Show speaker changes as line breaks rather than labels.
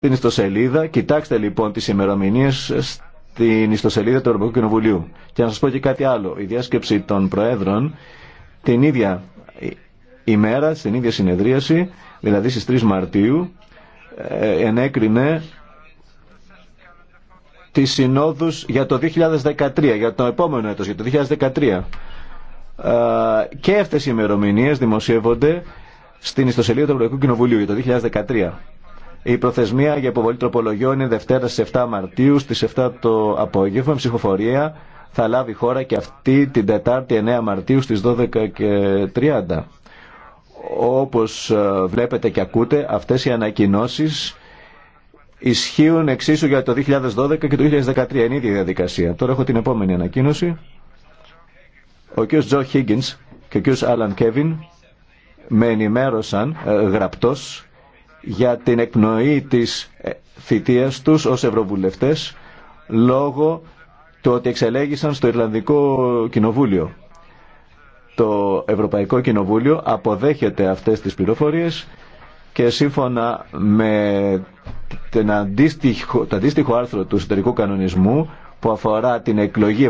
την ιστοσελίδα. Κοιτάξτε λοιπόν τις ημερομηνίε στην ιστοσελίδα του Ευρωπαϊκού Κοινοβουλίου. Και να σας πω και κάτι άλλο. Η διάσκεψη των Προέδρων την ίδια ημέρα, στην ίδια συνεδρίαση, δηλαδή στις 3 Μαρτίου, ε, ενέκρινε τις συνόδους για το 2013, για το επόμενο έτος, για το 2013. Ε, και αυτές οι ημερομηνίε δημοσιεύονται στην ιστοσελίδα του Ευρωπαϊκού Κοινοβουλίου για το 2013. Η προθεσμία για υποβολή τροπολογιών είναι Δευτέρα στις 7 Μαρτίου στις 7 το απόγευμα. Ψηφοφορία θα λάβει χώρα και αυτή την Τετάρτη 9 Μαρτίου στις 12.30. Όπως ε, βλέπετε και ακούτε αυτές οι ανακοινώσεις ισχύουν εξίσου για το 2012 και το 2013. Είναι η διαδικασία. Τώρα έχω την επόμενη ανακοίνωση. Ο κ. Τζο Higgins και ο κ. Άλαν Κέβιν με ενημέρωσαν ε, γραπτός για την εκπνοή της ε, θητείας τους ως ευρωβουλευτές λόγω του ότι εξελέγησαν στο Ιρλανδικό Κοινοβούλιο. Το Ευρωπαϊκό Κοινοβούλιο αποδέχεται αυτές τις πληροφορίες και σύμφωνα με το αντίστοιχο άρθρο του εσωτερικού κανονισμού που αφορά την εκλογή